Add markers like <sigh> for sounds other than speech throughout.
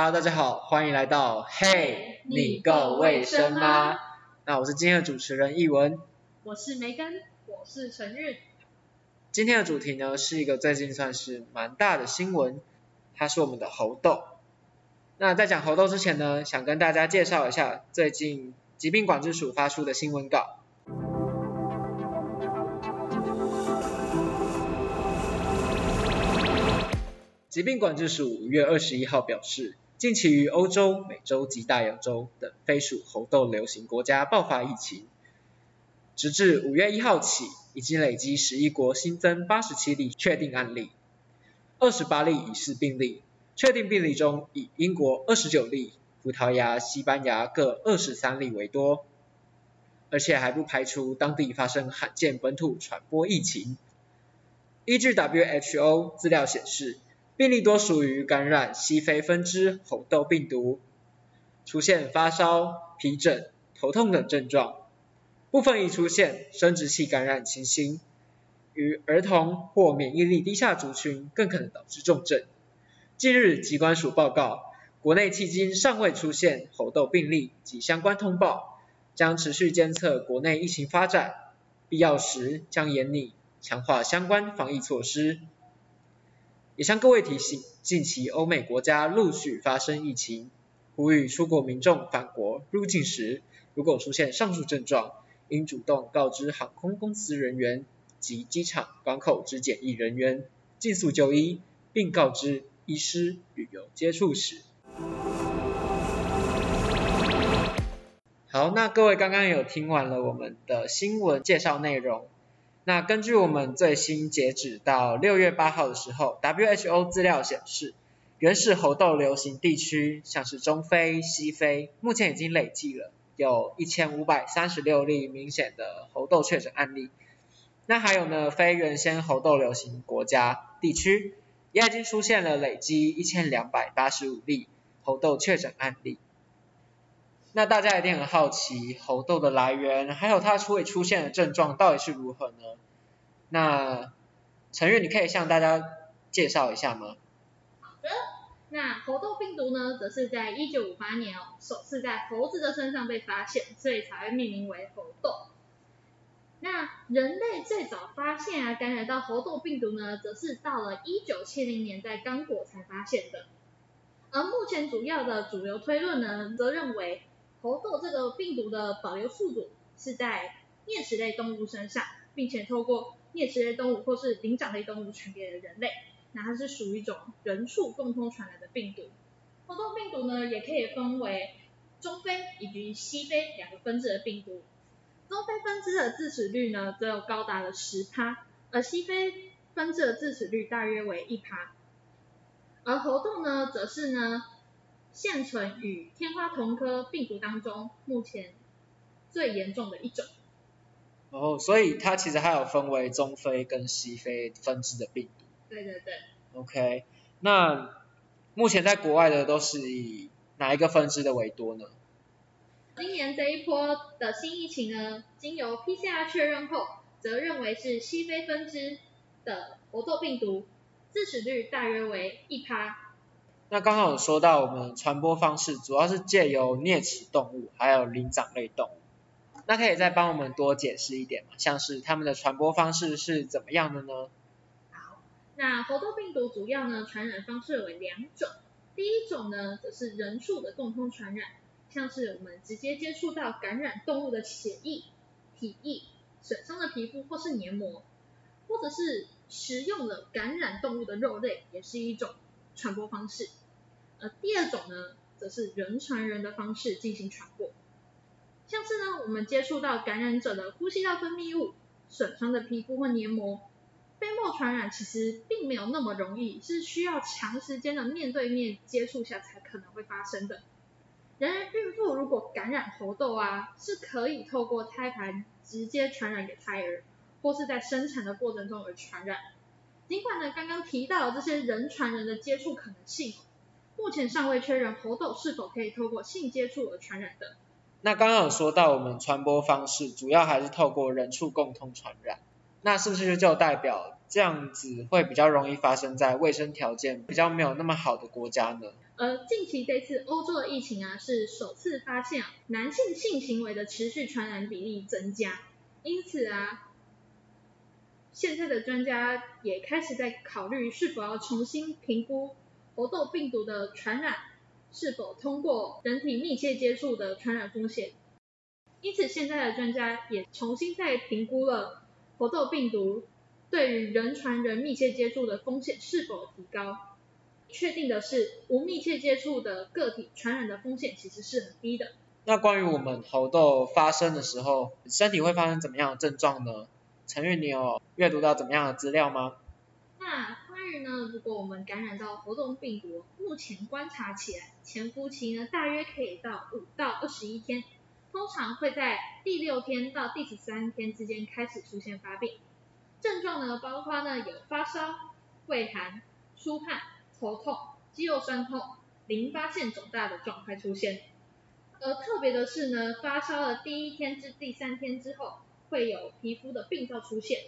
Hello，大家好，歡迎來到《Hey，你夠衛生嗎？生》那我是今天的主持人鐿文，我是梅根，我是晨韻。今天的主題呢是一個最近算是蠻大的新聞，它是我們的猴痘。那在講猴痘之前呢，想跟大家介紹一下最近疾病管制署發出的新聞稿。 <noise> 疾病管制署五月二十一號表示。近期於歐洲、美洲及大洋洲等非屬猴痘流行國家爆發疫情，直至五月一號起，已經累積十一國新增八十七例確定案例，二十八例疑似病例。確定病例中，以英國二十九例、葡萄牙、西班牙各二十三例為多，而且還不排除當地發生罕見本土傳播疫情。依據 WHO 資料顯示。病例多屬於感染西非分支猴痘病毒，出現發燒、皮疹、頭痛等症狀，部分已出現生殖器感染情形，於兒童或免疫力低下族群更可能導致重症。近日，疾管署報告，國內迄今尚未出現猴痘病例及相關通報，將持續監測國內疫情發展，必要時將研擬強化相關防疫措施。也向各位提醒，近期歐美國家陸續發生疫情，呼籲出國民眾返國入境時，如果出現上述症狀，應主動告知航空公司人員及機場、港口之檢疫人員，盡速就醫，並告知醫師旅遊接觸史。好，那各位剛剛有聽完了我們的新聞介紹內容。那根據我們最新截止到六月八號的時候，WHO 資料顯示，原始猴痘流行地區像是中非、西非，目前已經累計了有一千五百三十六例明顯的猴痘確診案例。那還有呢，非原先猴痘流行國家地區，也已經出現了累計一千兩百八十五例猴痘確診案例。那大家一定很好奇猴痘的來源，還有它會出現的症狀到底是如何呢？那晨韻，你可以向大家介紹一下嗎？好的，那猴痘病毒呢，則是在1958年哦，首次在猴子的身上被發現，所以才會命名為猴痘。那人類最早發現啊，感染到猴痘病毒呢，則是到了1970年代剛果才發現的。而目前主要的主流推論呢，則認為。猴痘這個病毒的保留宿主是在齧齒類動物身上，並且透過齧齒類動物或是靈長類動物傳給了人類，那它是屬於一種人畜共通傳來的病毒。猴痘病毒呢，也可以分為中非以及西非兩個分支的病毒。中非分支的致死率呢，則有高達了十趴，而西非分支的致死率大約為一趴。而猴痘呢，則是呢，現存與天花同科病毒當中，目前最嚴重的一種。哦，所以它其實還有分為中非跟西非分支的病毒。對對對。OK，那目前在國外的都是以哪一個分支的為多呢？今年這一波的新疫情呢，經由 PCR 確認後，則認為是西非分支的猴痘病毒，致死率大約為一趴。那剛剛有說到我們傳播方式主要是借由齧齒動物還有靈長類動物，那可以再幫我們多解釋一點嗎？像是它們的傳播方式是怎麼樣的呢？好，那猴痘病毒主要呢傳染方式有兩種，第一種呢則是人畜的共通傳染，像是我們直接接觸到感染動物的血液、體液、損傷的皮膚或是黏膜，或者是食用了感染動物的肉類也是一種。傳播方式，而第二種呢，則是人傳人的方式進行傳播。像是呢，我們接觸到感染者的呼吸道分泌物、損傷的皮膚或黏膜，飛沫傳染其實並沒有那麼容易，是需要長時間的面對面接觸下才可能會發生的。然而，孕婦如果感染猴痘啊，是可以透過胎盤直接傳染給胎兒，或是在生產的過程中而傳染。儘管呢，剛剛提到的這些人傳人的接觸可能性，目前尚未確認猴痘是否可以透過性接觸而傳染的。那剛剛有說到我們傳播方式，主要還是透過人畜共通傳染，那是不是就代表這樣子會比較容易發生在衛生條件比較沒有那麼好的國家呢？而近期這次歐洲的疫情啊，是首次發現男性性行為的持續傳染比例增加，因此啊。現在的專家也開始在考慮是否要重新評估猴痘病毒的傳染，是否通過人體密切接觸的傳染風險。因此，現在的專家也重新在評估了猴痘病毒對於人傳人密切接觸的風險是否提高。確定的是，無密切接觸的個體傳染的風險其實是很低的。那關於我們猴痘發生的時候，身體會發生怎麼樣的症狀呢？晨韻，你有閱讀到怎麼樣的資料嗎？那關於呢，如果我們感染到猴痘病毒，目前觀察起來潛伏期呢大約可以到五到二十一天，通常會在第六天到第十三天之間開始出現發病。症狀呢包括呢有發燒、畏寒、出汗、頭痛、肌肉痠痛、淋巴腺腫大的狀態出現。而特別的是呢，發燒的第一天至第三天之後，會有皮膚的病灶出現，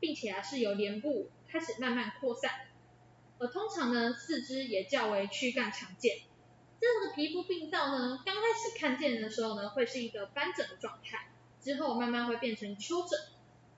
並且啊，是由臉部開始慢慢擴散，而通常呢，四肢也較為軀幹常見。這個皮膚病灶呢，剛開始看見的時候呢，會是一個斑疹的狀態，之後慢慢會變成丘疹，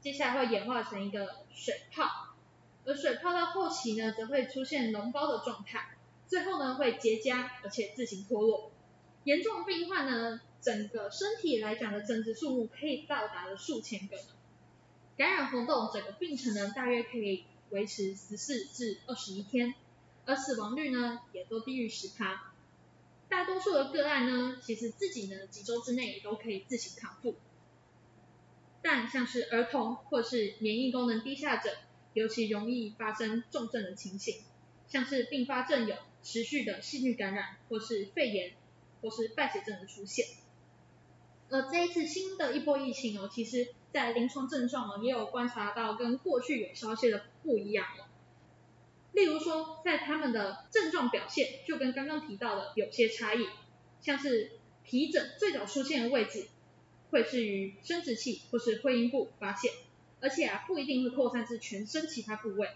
接下來會演化成一個水泡，而水泡到後期呢，則會出現膿包的狀態，最後呢，會結痂，而且自行脫落。嚴重病患呢，整個身體來講的增殖數目可以到達了數千個，感染活動整個病程呢，大約可以維持十四至二十一天，而死亡率呢也都低於十趴，大多數的個案呢，其實自己呢幾周之內也都可以自行康復，但像是兒童或是免疫功能低下者，尤其容易發生重症的情形，像是併發症有持續的細菌感染或是肺炎或是敗血症的出現。呃，而這一次新的一波疫情哦，其實，在臨床症狀哦，也有觀察到跟過去有消息的不一樣了哦。例如說，在他們的症狀表現就跟剛剛提到的有些差異，像是皮疹最早出現的位置會是於生殖器或是會陰部發現，而且啊不一定會擴散至全身其他部位，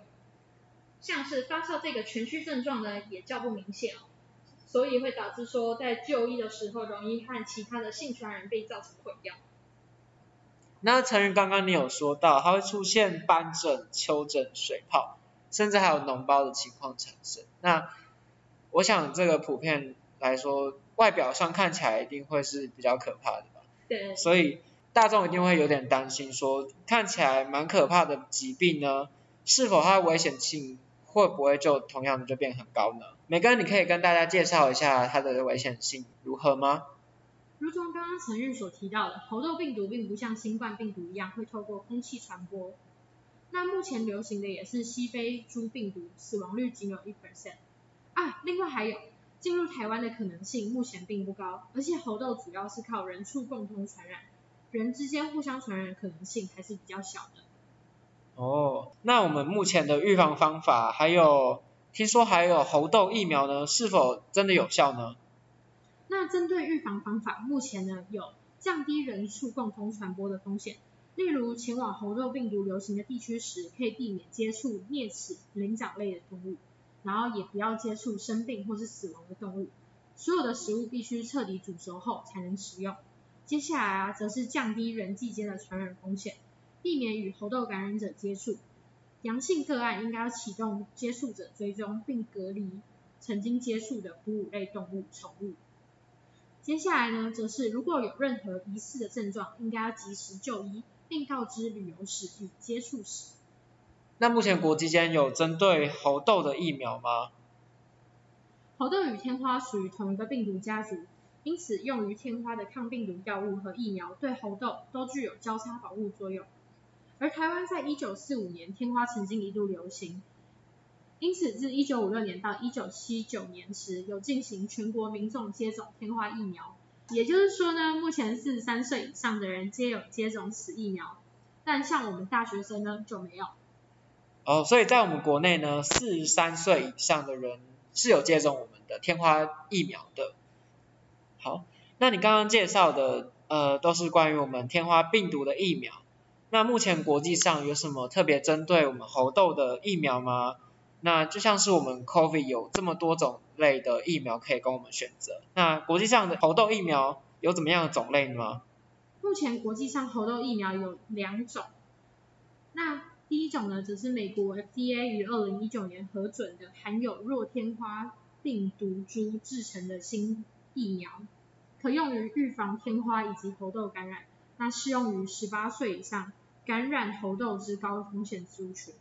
像是發燒這個全虛症狀呢也較不明顯哦。所以會導致說，在就醫的時候，容易和其他的性傳染病，造成毀掉。那晨韻剛剛你有說到，它會出現斑疹、丘疹、水泡，甚至還有膿包的情況產生。那我想這個普遍來說，外表上看起來一定會是比較可怕的吧？對。所以大眾一定會有點擔心說，說看起來蠻可怕的疾病呢，是否它的危險性會不會就同樣的就變很高呢？梅根，你可以跟大家介紹一下它的危險性如何嗎？如同剛剛晨韻所提到的，猴痘病毒並不像新冠病毒一樣會透過空氣傳播。那目前流行的也是西非株病毒，死亡率僅有1%啊，另外還有，進入台灣的可能性目前並不高，而且猴痘主要是靠人畜共通傳染，人之間互相傳染的可能性還是比較小的。哦，那我們目前的預防方法還有？聽說還有猴痘疫苗呢，是否真的有效呢？那針對預防方法，目前呢有降低人畜共通傳播的風險，例如前往猴痘病毒流行的地區時，可以避免接觸齧齒、靈長類的動物，然後也不要接觸生病或是死亡的動物。所有的食物必須徹底煮熟後才能食用。接下來啊，則是降低人際間的傳染風險，避免與猴痘感染者接觸。陽性個案應該要啟動接觸者追蹤，並隔離曾經接觸的哺乳類動物寵物。接下來呢，則是如果有任何疑似的症狀，應該要及時就醫，並告知旅遊史與接觸史。那目前國際間有針對猴痘的疫苗嗎？猴痘與天花屬於同一個病毒家族，因此用於天花的抗病毒藥物和疫苗對猴痘都具有交叉保護作用。而台灣在一九四五年，天花曾經一度流行，因此自一九五六年到一九七九年時，有進行全國民眾接種天花疫苗。也就是說呢，目前四十三歲以上的人皆有接種此疫苗，但像我們大學生呢就沒有。哦，所以在我們國內呢，四十三歲以上的人是有接種我們的天花疫苗的。好，那你剛剛介紹的，呃，都是關於我們天花病毒的疫苗。那目前國際上有什麼特別針對我們猴痘的疫苗嗎？那就像是我們 COVID 有這麼多種類的疫苗可以供我們選擇。那國際上的猴痘疫苗有怎麼樣的種類呢？目前國際上猴痘疫苗有兩種。那第一種呢，則是美國 FDA 於二零一九年核准的含有弱天花病毒株制成的新疫苗，可用於預防天花以及猴痘感染。那適用於十八歲以上感染猴痘之高風險族群。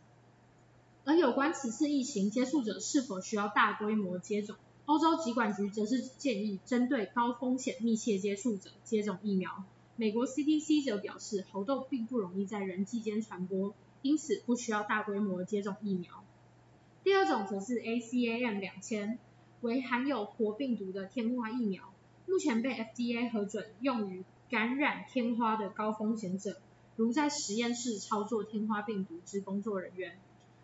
而有關此次疫情接觸者是否需要大規模接種，歐洲疾管局則是建議針對高風險密切接觸者接種疫苗。美國 CDC 則表示，猴痘並不容易在人際間傳播，因此不需要大規模接種疫苗。第二種則是 ACAM 2000，為含有活病毒的天花疫苗，目前被 FDA 核准用於感染天花的高風險者。如在實驗室操作天花病毒之工作人員，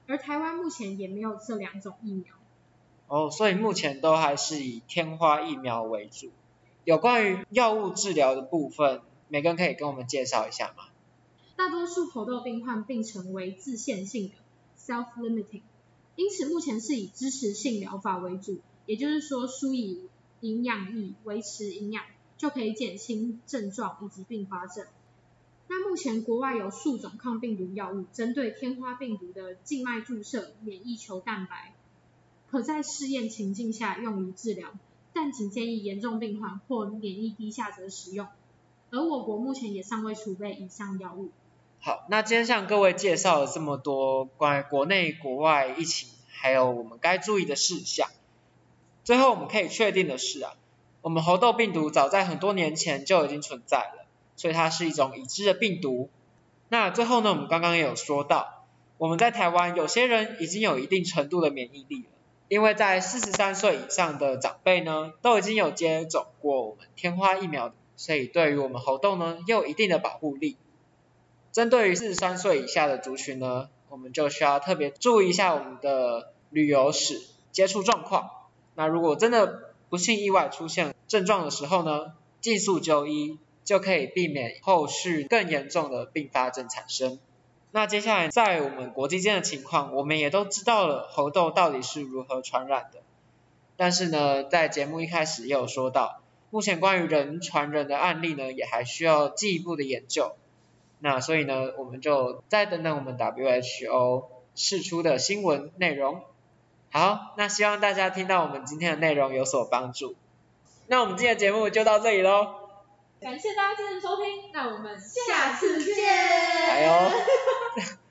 而台灣目前也沒有這兩種疫苗。哦，oh, 所以目前都還是以天花疫苗為主。有關於藥物治療的部分，Megan 可以跟我們介紹一下嗎？大多數猴痘病患病程為自限性的 （self-limiting），因此目前是以支持性療法為主，也就是說輸以營養液維持營養，就可以減輕症狀以及併發症。那目前國外有數種抗病毒藥物，針對天花病毒的靜脈注射免疫球蛋白，可在試驗情境下用於治療，但僅建議嚴重病患或免疫低下者使用。而我國目前也尚未儲備以上藥物。好，那今天向各位介紹了這麼多關於國內國外疫情，還有我們該注意的事項。最後我們可以確定的是啊，我們猴痘病毒早在很多年前就已經存在所以它是一種已知的病毒。那最後呢，我們剛剛也有說到，我們在台灣有些人已經有一定程度的免疫力了，因為在四十三歲以上的長輩呢，都已經有接種過我們天花疫苗，所以對於我們猴痘呢，又有一定的保護力。針對於四十三歲以下的族群呢，我們就需要特別注意一下我們的旅遊史、接觸狀況。那如果真的不幸意外出現症狀的時候呢，盡速就醫。就可以避免後續更嚴重的併發症產生。那接下來在我們國際間的情況，我們也都知道了猴痘到底是如何傳染的。但是呢，在節目一開始也有說到，目前關於人傳人的案例呢，也還需要進一步的研究。那所以呢，我們就再等等我們 WHO 釋出的新聞內容。好，那希望大家聽到我們今天的內容有所幫助。那我們今天的節目就到這裡嘍。感謝大家今日收聽，那我們下次見。哎呦 <laughs>